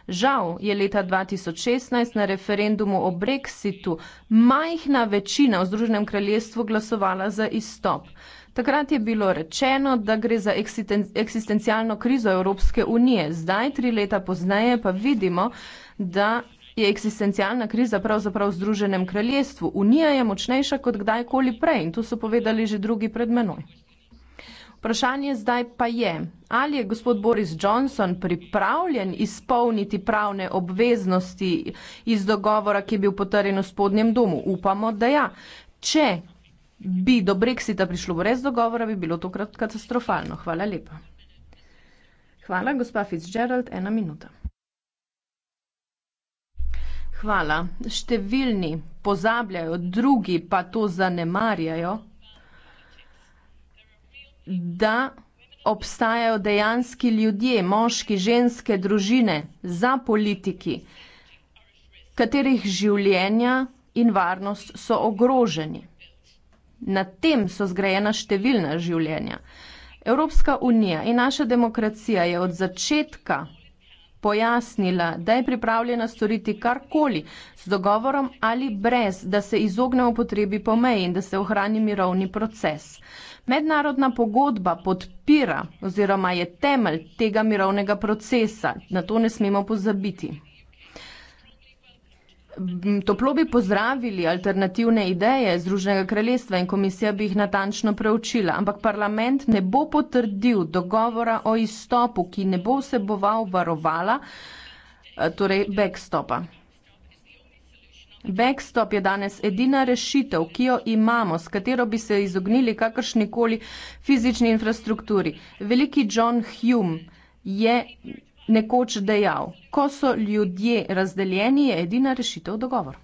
Speaker 4: Žal je leta 2016 na referendumu o Brexitu majhna večina v Združenem kraljestvu glasovala za izstop. Takrat je bilo rečeno, da gre za eksisten, eksistencialno krizo Evropske unije. Zdaj, tri leta pozneje, pa vidimo, da je eksistencialna kriza pravzaprav v Združenem kraljestvu. Unija je močnejša kot kdajkoli prej in to so povedali že drugi pred menoj. Vprašanje zdaj pa je, ali je gospod Boris Johnson pripravljen izpolniti pravne obveznosti iz dogovora, ki je bil potrjen v spodnjem domu. Upamo, da ja. Če bi do Brexita prišlo brez dogovora, bi bilo tokrat katastrofalno. Hvala lepa. Hvala, gospa Fitzgerald, ena minuta hvala. Številni pozabljajo, drugi pa to zanemarjajo, da obstajajo dejanski ljudje, moški, ženske, družine za politiki, katerih življenja in varnost so ogroženi. Na tem so zgrajena številna življenja. Evropska unija in naša demokracija je od začetka pojasnila, da je pripravljena storiti karkoli z dogovorom ali brez, da se izognemo potrebi po meji in da se ohrani mirovni proces. Mednarodna pogodba podpira oziroma je temelj tega mirovnega procesa, na to ne smemo pozabiti. Toplo bi pozdravili alternativne ideje Združenega kraljestva in komisija bi jih natančno preučila, ampak parlament ne bo potrdil dogovora o izstopu, ki ne bo vseboval varovala, eh, torej backstopa. Backstop je danes edina rešitev, ki jo imamo, s katero bi se izognili kakršnikoli fizični infrastrukturi. Veliki John Hume je nekoč dejal, ko so ljudje razdeljeni, je edina rešitev dogovor.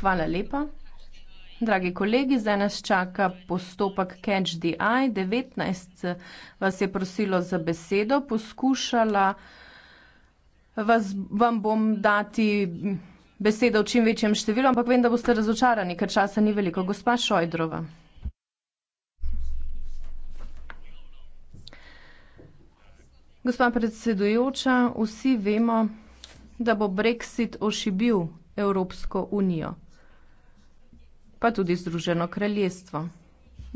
Speaker 4: Hvala lepa. Dragi kolegi, zdaj nas čaka postopek Catch the Eye. 19 vas je prosilo za besedo, poskušala vas, vam bom dati besedo v čim večjem številu, ampak vem, da boste razočarani, ker časa ni veliko. Gospa Šojdrova. Gospa predsedujoča, vsi vemo, da bo Brexit ošibil Evropsko unijo, pa tudi Združeno kraljestvo.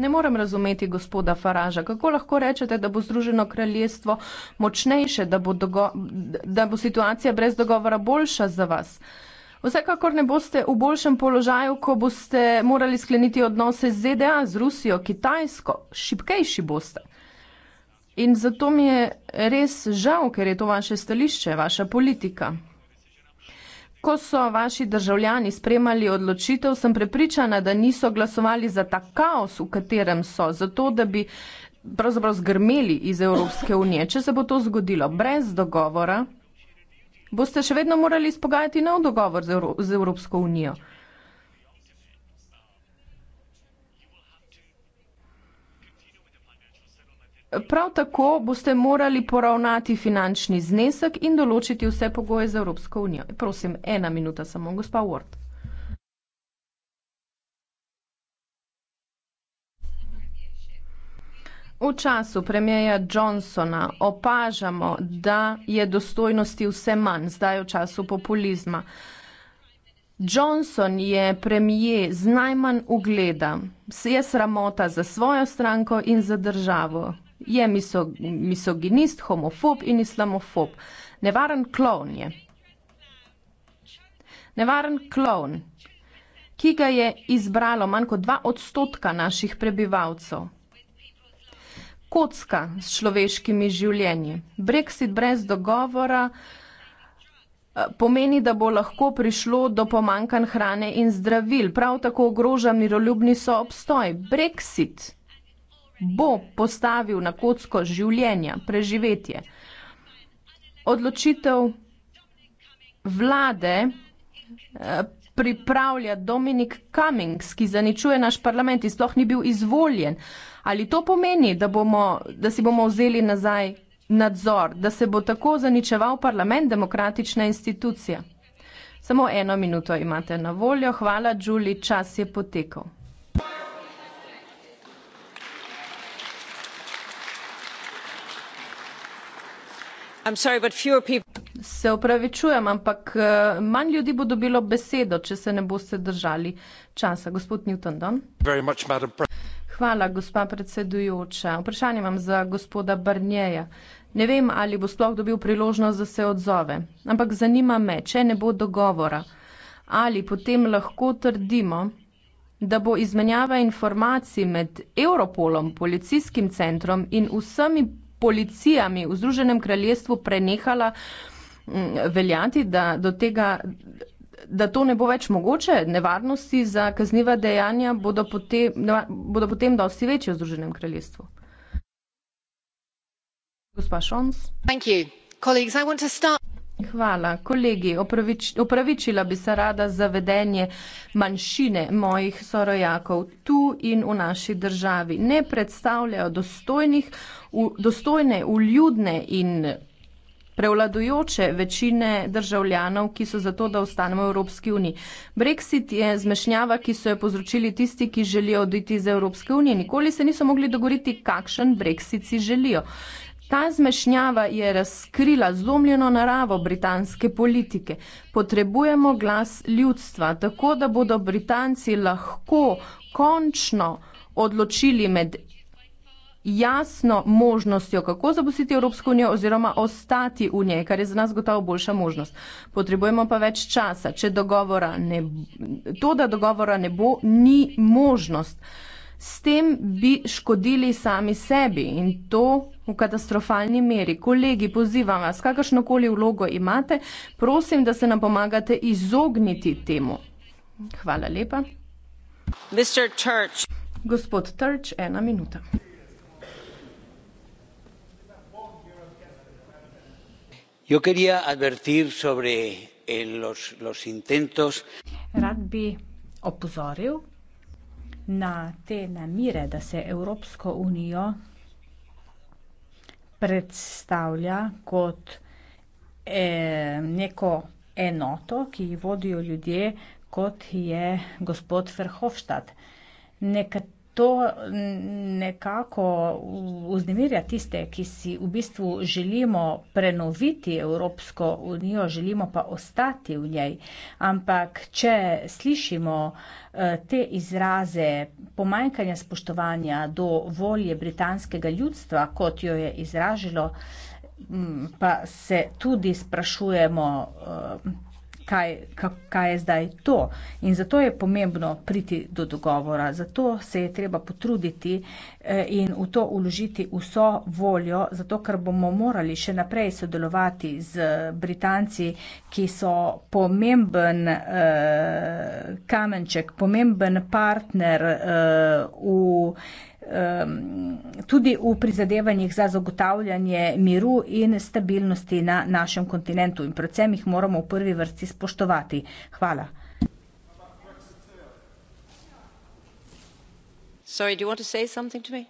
Speaker 4: Ne morem razumeti gospoda Faraža, kako lahko rečete, da bo Združeno kraljestvo močnejše, da bo, da bo situacija brez dogovora boljša za vas. Vsekakor ne boste v boljšem položaju, ko boste morali skleniti odnose z ZDA, z Rusijo, Kitajsko, šipkejši boste. In zato mi je res žal, ker je to vaše stališče, vaša politika. Ko so vaši državljani spremali odločitev, sem prepričana, da niso glasovali za ta kaos, v katerem so, zato da bi pravzaprav zgrmeli iz Evropske unije. Če se bo to zgodilo brez dogovora, boste še vedno morali izpogajati nov dogovor z, Evro z Evropsko unijo. Prav tako boste morali poravnati finančni znesek in določiti vse pogoje za Evropsko unijo. Prosim, ena minuta samo, gospa Ward. V času premijeja Johnsona opažamo, da je dostojnosti vse manj, zdaj v času populizma. Johnson je premije z najmanj ugleda, se je sramota za svojo stranko in za državo je miso, misoginist, homofob in islamofob. Nevaren klovn je. Nevaren klovn, ki ga je izbralo manj kot dva odstotka naših prebivalcev. Kocka s človeškimi življenji. Brexit brez dogovora eh, pomeni, da bo lahko prišlo do pomankan hrane in zdravil. Prav tako ogroža miroljubni soobstoj. Brexit bo postavil na kocko življenja, preživetje. Odločitev vlade eh, pripravlja Dominik Cummings, ki zaničuje naš parlament in sploh ni bil izvoljen. Ali to pomeni, da, bomo, da si bomo vzeli nazaj nadzor, da se bo tako zaničeval parlament, demokratična institucija? Samo eno minuto imate na voljo. Hvala, Julie, čas je potekal. Se upravičujem, ampak eh, manj ljudi bo dobilo besedo, če se ne boste držali časa. Gospod Newton, don. Hvala, gospa predsedujoča. Vprašanje imam za gospoda Barnjeja. Ne vem, ali bo sploh dobil priložnost, da se odzove, ampak zanima me, če ne bo dogovora, ali potem lahko trdimo, da bo izmenjava informacij med Europolom, policijskim centrom in vsemi policijami v Združenem kraljestvu prenehala mm, veljati, da, do tega, da to ne bo več mogoče. Nevarnosti za kazniva dejanja bodo potem, bodo potem dosti večje v Združenem kraljestvu. Gospa Šons. Hvala. Kolegi, opravič, opravičila bi se rada zavedenje manjšine mojih sorojakov tu in v naši državi. Ne predstavljajo dostojnih, u, dostojne, uljudne in prevladujoče večine državljanov, ki so zato, da ostanemo v Evropski uniji. Brexit je zmešnjava, ki so jo povzročili tisti, ki želijo oditi iz Evropske unije. Nikoli se niso mogli dogovoriti, kakšen Brexit si želijo. Ta zmešnjava je razkrila zlomljeno naravo britanske politike. Potrebujemo glas ljudstva, tako da bodo Britanci lahko končno odločili med jasno možnostjo, kako zapustiti Evropsko unijo oziroma ostati v njej, kar je za nas gotovo boljša možnost. Potrebujemo pa več časa, če dogovora ne, to, da dogovora ne bo, ni možnost. Uh, S tem bi škodili sami sebi in to v katastrofalni meri. Kolegi, pozivam vas, kakršnokoli vlogo imate, prosim, da se nam pomagate izogniti temu. Hvala lepa. Mr. Church. Gospod Trč, ena minuta.
Speaker 2: Yo quería advertir sobre eh, los, los intentos.
Speaker 1: Rad bi opozoril na te namire, da se Evropsko unijo predstavlja kot e, neko enoto, ki jo vodijo ljudje, kot je gospod Verhofstadt. Nekat to nekako vznemirja tiste, ki si v bistvu želimo prenoviti Evropsko unijo, želimo pa ostati v njej. Ampak, če slišimo eh, te izraze pomanjkanja spoštovanja do volje britanskega ljudstva, kot jo je izražilo, mm, pa se tudi sprašujemo, eh, kaj, kaj je zdaj to. In zato je pomembno priti do dogovora, zato se je treba potruditi eh, in v to uložiti vso voljo, zato ker bomo morali še naprej sodelovati z Britanci, ki so pomemben eh, kamenček, pomemben partner eh, v um, tudi v prizadevanjih za zagotavljanje miru in stabilnosti na našem kontinentu in predvsem jih moramo v prvi vrsti
Speaker 4: spoštovati. Hvala.
Speaker 2: Sorry, do you want to say something to me?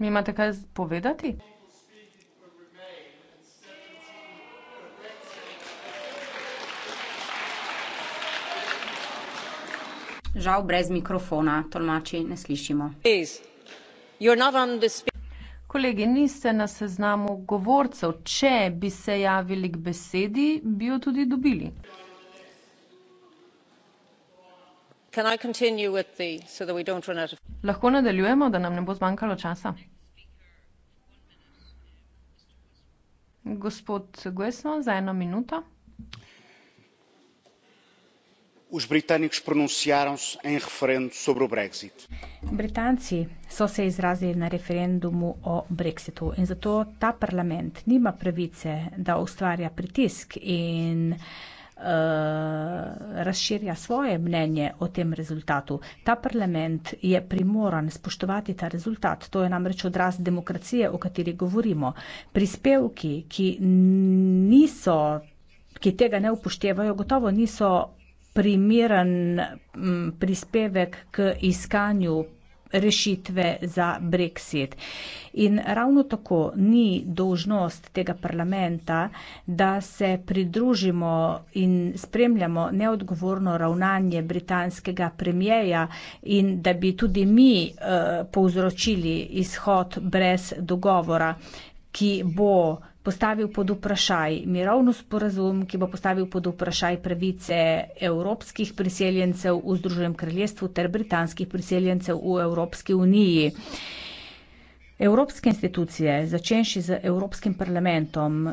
Speaker 4: Mi imate kaj povedati?
Speaker 3: Žal brez mikrofona,
Speaker 4: tolmači ne slišimo. Kolegi, niste na seznamu govorcev. Če bi se javili k besedi, bi jo tudi dobili. Lahko nadaljujemo, da nam ne bo zmanjkalo časa? Gospod Guesno, za eno minuto
Speaker 2: os britânicos pronunciaram-se em referendo sobre o Brexit.
Speaker 1: Britanci so se izrazili na referendumu o Brexitu in zato ta parlament nima pravice, da ustvarja pritisk in uh, razširja svoje mnenje o tem rezultatu. Ta parlament je primoran spoštovati ta rezultat. To je namreč odraz demokracije, o kateri govorimo. Prispevki, ki niso ki tega ne upoštevajo, gotovo niso primeren prispevek k iskanju rešitve za brexit. In ravno tako ni dožnost tega parlamenta, da se pridružimo in spremljamo neodgovorno ravnanje britanskega premijeja in da bi tudi mi uh, povzročili izhod brez dogovora, ki bo postavil pod vprašaj mirovni sporazum, ki bo postavil pod vprašaj pravice evropskih priseljencev v Združenem kraljestvu ter britanskih priseljencev v Evropski uniji. Evropske institucije, začenši z Evropskim parlamentom,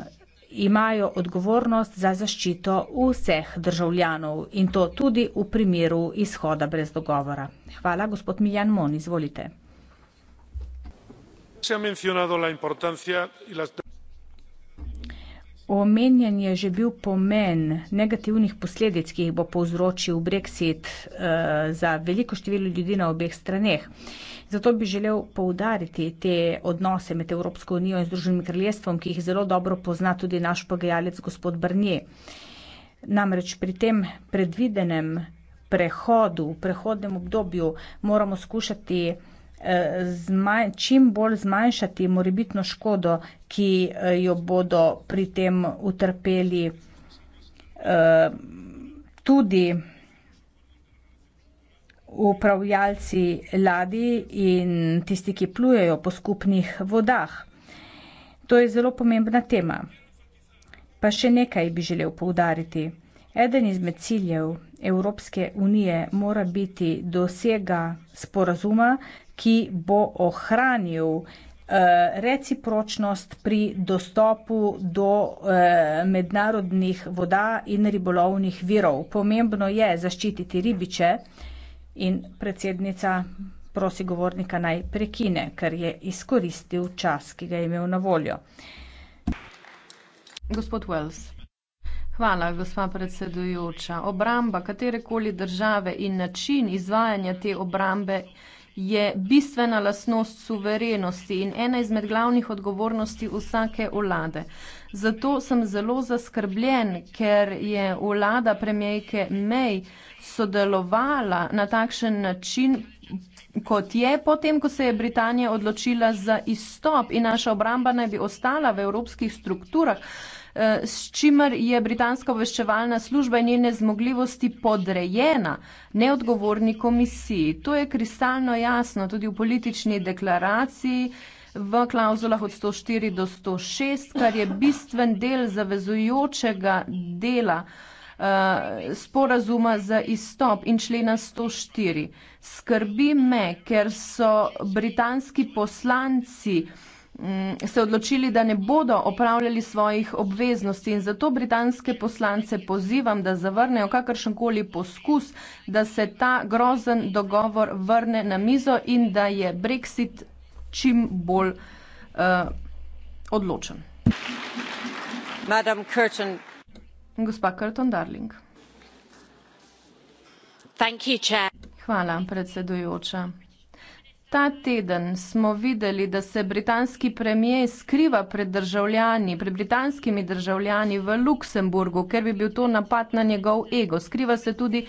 Speaker 1: imajo odgovornost za zaščito vseh državljanov in to tudi v primeru izhoda brez dogovora. Hvala, gospod Miljan Mon, izvolite. Omenjen je že bil pomen negativnih posledic, ki jih bo povzročil brexit uh, za veliko število ljudi na obeh straneh. Zato bi želel poudariti te odnose med Evropsko unijo in Združenim kraljestvom, ki jih zelo dobro pozna tudi naš pogajalec gospod Brnje. Namreč pri tem predvidenem prehodu, prehodnem obdobju moramo skušati zmanj, čim bolj zmanjšati morebitno škodo, ki eh, jo bodo pri tem utrpeli eh, tudi upravljalci ladi in tisti, ki plujejo po skupnih vodah. To je zelo pomembna tema. Pa še nekaj bi želel poudariti. Eden izmed ciljev Evropske unije mora biti dosega sporazuma, ki bo ohranil eh, recipročnost pri dostopu do eh, mednarodnih voda in ribolovnih virov. Pomembno je zaščititi ribiče in predsednica prosi govornika naj prekine, ker je izkoristil čas, ki ga je imel na voljo.
Speaker 4: Gospod Wells. Hvala, gospa predsedujoča. Obramba katerekoli države in način izvajanja te obrambe je bistvena lastnost suverenosti in ena izmed glavnih odgovornosti vsake vlade. Zato sem zelo zaskrbljen, ker je vlada premijejke May sodelovala na takšen način, kot je potem, ko se je Britanija odločila za izstop in naša obramba naj bi ostala v evropskih strukturah. Eh, s čimer je britanska obveščevalna služba in njene zmogljivosti podrejena neodgovorni komisiji. To je kristalno jasno tudi v politični deklaraciji v klauzulah od 104 do 106, kar je bistven del zavezujočega dela eh, sporazuma za izstop in člena 104. Skrbi me, ker so britanski poslanci uh, Mm, se odločili, da ne bodo opravljali svojih obveznosti in zato britanske poslance pozivam, da zavrnejo kakršenkoli poskus, da se ta grozen dogovor vrne na mizo in da je Brexit čim bolj uh, odločen. Curtin. Gospa Curtin Darling. Thank you, Hvala, predsedujoča ta teden smo videli, da se britanski premijer skriva pred državljani, pred britanskimi državljani v Luksemburgu, ker bi bil to napad na njegov ego. Skriva se tudi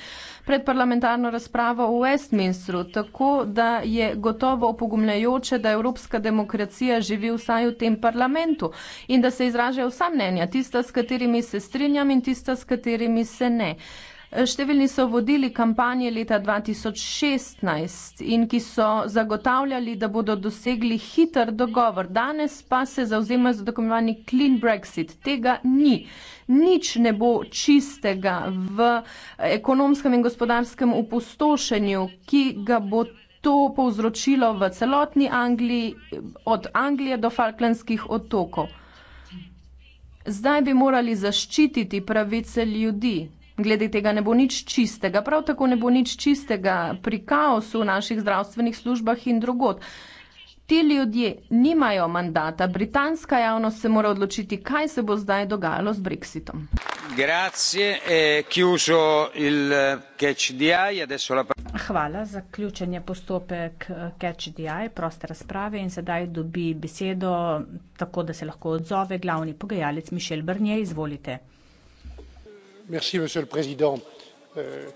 Speaker 4: pred parlamentarno razpravo v Westminstru, tako da je gotovo opogumljajoče, da evropska demokracija živi vsaj v tem parlamentu in da se izražajo vsa mnenja, tista, s katerimi se strinjam in tista, s katerimi se ne. Številni so vodili kampanje leta 2016 in ki so zagotavljali, da bodo dosegli hiter dogovor. Danes pa se zauzema za dokumentovani clean Brexit. Tega ni. Nič ne bo čistega v ekonomskem in gospodarskem upostošenju, ki ga bo to povzročilo v celotni Angliji, od Anglije do Falklandskih otokov. Zdaj bi morali zaščititi pravice ljudi, glede tega ne bo nič čistega. Prav tako ne bo nič čistega pri kaosu v naših zdravstvenih službah in drugot. Ti ljudje nimajo mandata. Britanska javnost se mora odločiti, kaj se bo zdaj dogajalo z Brexitom.
Speaker 2: E, e,
Speaker 4: Hvala za ključenje
Speaker 1: postopek e, CatchDI, proste razprave in sedaj dobi besedo, tako da se lahko odzove glavni pogajalec Mišel Brnje. Izvolite
Speaker 2: monsieur le président euh,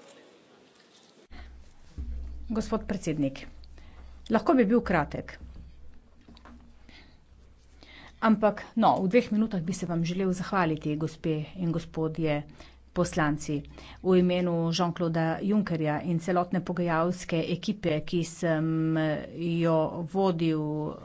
Speaker 1: gospod predsednik lahko bi bil kratek ampak no v dveh minutah bi se vam želel zahvaliti gospe in gospodje poslanci v imenu Jean Claude Junckerja in celotne pogajalske ekipe ki sem jo vodil uh,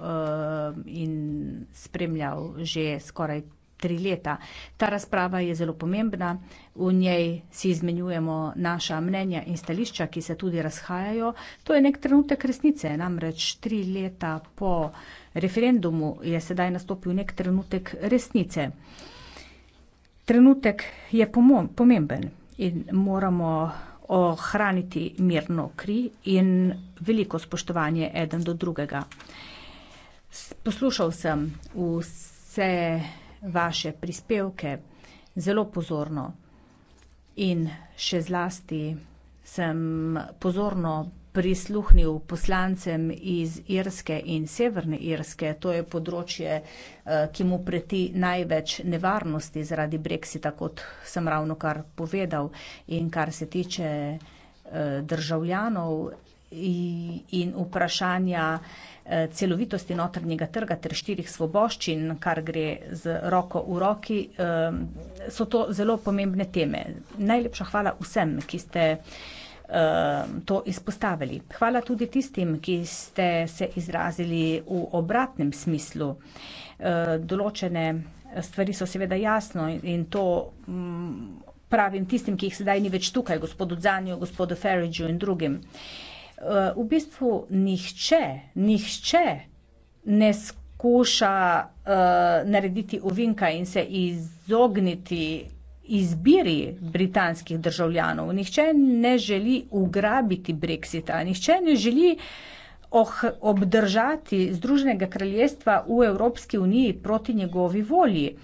Speaker 1: in spremljal že skoraj tri leta. Ta razprava je zelo pomembna, v njej si izmenjujemo naša mnenja in stališča, ki se tudi razhajajo. To je nek trenutek resnice, namreč tri leta po referendumu je sedaj nastopil nek trenutek resnice. Trenutek je pomemben in moramo ohraniti mirno kri in veliko spoštovanje eden do drugega. Poslušal sem vse vaše prispevke zelo pozorno. In še zlasti sem pozorno prisluhnil poslancem iz Irske in Severne Irske. To je področje, eh, ki mu preti največ nevarnosti zaradi Brexita, kot sem ravno kar povedal. In kar se tiče eh, državljanov in vprašanja eh, celovitosti notrnjega trga ter štirih svoboščin, kar gre z roko v roki, eh, so to zelo pomembne teme. Najlepša hvala vsem, ki ste eh, to izpostavili. Hvala tudi tistim, ki ste se izrazili v obratnem smislu. Določene stvari so seveda jasno in to mm, pravim tistim, ki jih sedaj ni več tukaj, gospodu Zanju, gospodu Ferridžu in drugim. Eh, v bistvu nihče, nihče ne skuša uh, narediti ovinka in se izogniti izbiri britanskih državljanov. Nihče ne želi ugrabiti Brexita, nihče ne želi oh, obdržati Združenega kraljestva v Evropski uniji proti njegovi volji. Uh,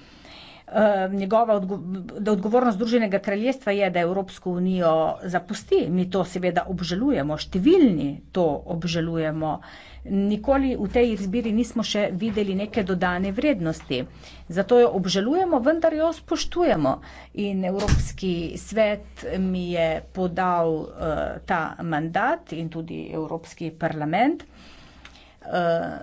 Speaker 1: Ehm, njegova odgo da odgovornost Združenega kraljestva je, da Evropsko unijo zapusti. Mi to seveda obžalujemo, številni to obžalujemo. Nikoli v tej izbiri nismo še videli neke dodane vrednosti. Zato jo obžalujemo, vendar jo spoštujemo. In Evropski svet mi je podal uh, ta mandat in tudi Evropski parlament. Uh,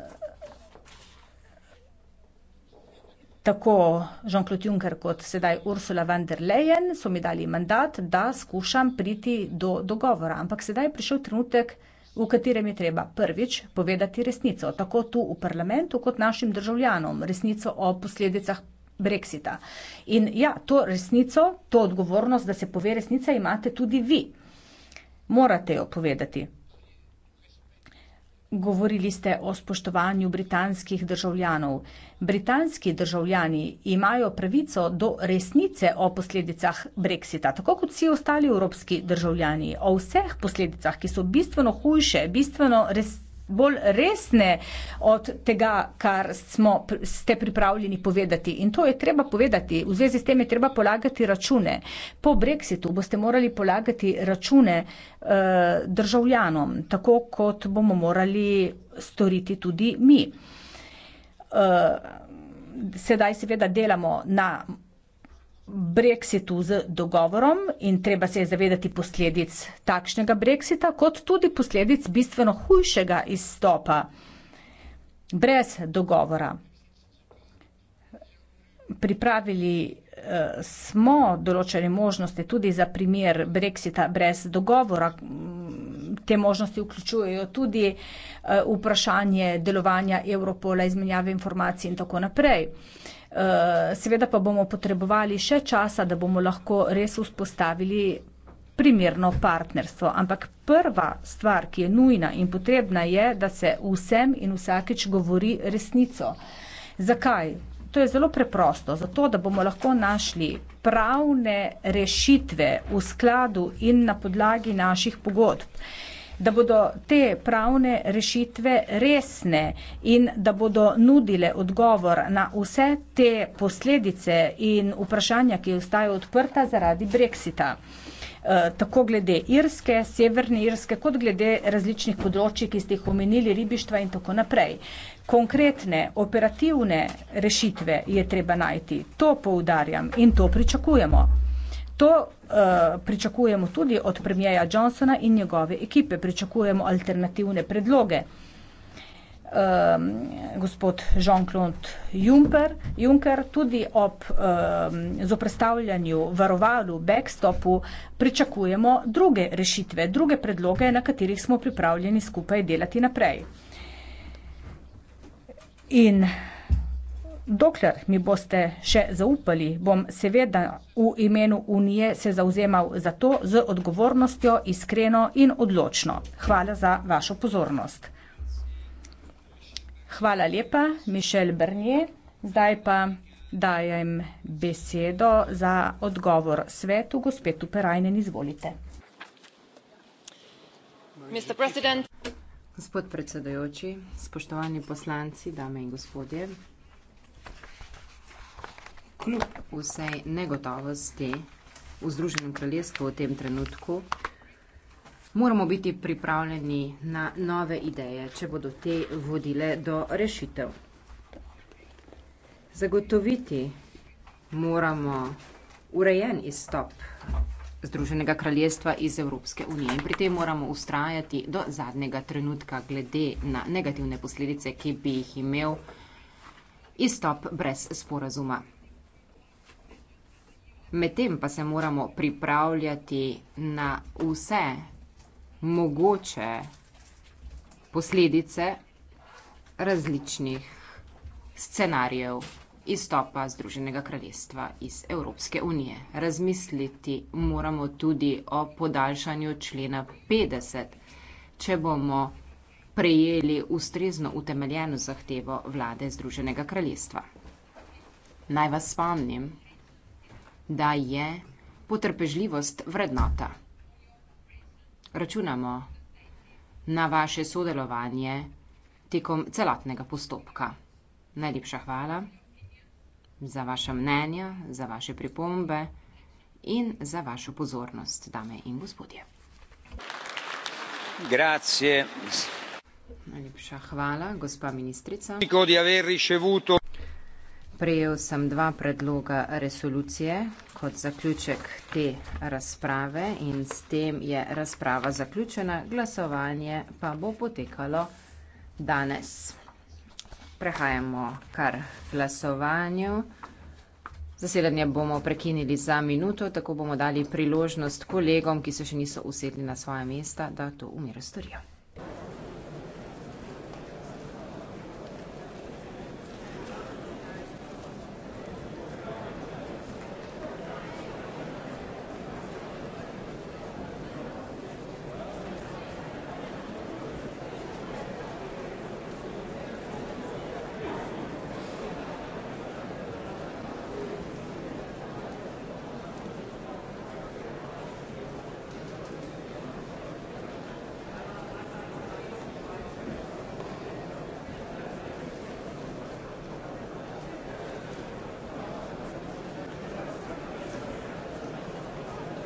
Speaker 1: tako Jean-Claude Juncker kot sedaj Ursula von der Leyen so mi dali mandat, da skušam priti do dogovora. Ampak sedaj je prišel trenutek, v katerem je treba prvič povedati resnico, tako tu v parlamentu kot našim državljanom, resnico o posledicah. Brexita. In ja, to resnico, to odgovornost, da se pove resnica, imate tudi vi. Morate jo povedati. Govorili ste o spoštovanju britanskih državljanov. Britanski državljani imajo pravico do resnice o posledicah Brexita, tako kot vsi ostali evropski državljani, o vseh posledicah, ki so bistveno hujše, bistveno res, bolj resne od tega, kar smo, ste pripravljeni povedati. In to je treba povedati. V zvezi s tem je treba polagati račune. Po brexitu boste morali polagati račune eh, državljanom, tako kot bomo morali storiti tudi mi. Eh, sedaj seveda delamo na Brexitu z dogovorom in treba se je zavedati posledic takšnega Brexita, kot tudi posledic bistveno hujšega izstopa brez dogovora. Pripravili eh, smo določene možnosti tudi za primer Brexita brez dogovora. Te možnosti vključujejo tudi eh, vprašanje delovanja Evropola, izmenjave informacij in tako naprej. Eh, Eh, seveda pa bomo potrebovali še časa, da bomo lahko res vzpostavili primerno partnerstvo. Ampak prva stvar, ki je nujna in potrebna, je, da se vsem in vsakeč govori resnico. Zakaj? To je zelo preprosto. Zato, da bomo lahko našli pravne rešitve v skladu in na podlagi naših pogodb da bodo te pravne rešitve resne in da bodo nudile odgovor na vse te posledice in vprašanja, ki ostajajo odprta zaradi brexita. Eh, tako glede Irske, Severne Irske, kot glede različnih področji, ki ste jih omenili, ribištva in tako naprej. Konkretne operativne rešitve je treba najti. To poudarjam in to pričakujemo. To Eh, pričakujemo tudi od premijeja Johnsona in njegove ekipe, pričakujemo alternativne predloge. Um, gospod Jean-Claude Juncker, Juncker tudi ob um, zoprestavljanju varovalu, backstopu, pričakujemo druge rešitve, druge predloge, na katerih smo pripravljeni skupaj delati naprej. In Dokler mi boste še zaupali, bom seveda v imenu Unije se zauzemal za to z odgovornostjo, iskreno in odločno. Hvala za vašo pozornost. Hvala lepa, Mišel Brnje. Zdaj pa dajem besedo za odgovor svetu, gospe
Speaker 2: Tuperajnen, izvolite. Gospod predsedujoči, spoštovani poslanci, dame in gospodje kljub vsej negotovosti v Združenem kraljestvu v tem trenutku, moramo biti pripravljeni na nove ideje, če bodo te vodile do rešitev. Zagotoviti moramo urejen izstop Združenega kraljestva iz Evropske unije in pri tem moramo ustrajati do zadnjega trenutka glede na negativne posledice, ki bi jih imel izstop brez sporazuma. Medtem pa se moramo pripravljati na vse mogoče posledice različnih scenarijev izstopa Združenega kraljestva iz Evropske unije. Razmisliti moramo tudi o podaljšanju člena 50, če bomo prejeli ustrezno utemeljeno zahtevo vlade Združenega kraljestva. Naj vas spomnim, da je potrpežljivost vrednota. Računamo na vaše sodelovanje tekom celotnega postopka. Najlepša hvala za vaše mnenje, za vaše pripombe in za vašo pozornost, dame in gospodje. Grazie. Najlepša hvala, gospa ministrica. Prejel sem dva predloga resolucije kot zaključek te razprave in s tem je razprava zaključena. Glasovanje pa bo potekalo danes. Prehajamo kar glasovanju. Zasedanje bomo prekinili za minuto, tako bomo dali priložnost kolegom, ki se še niso usedli na svoje mesta, da to umire storijo.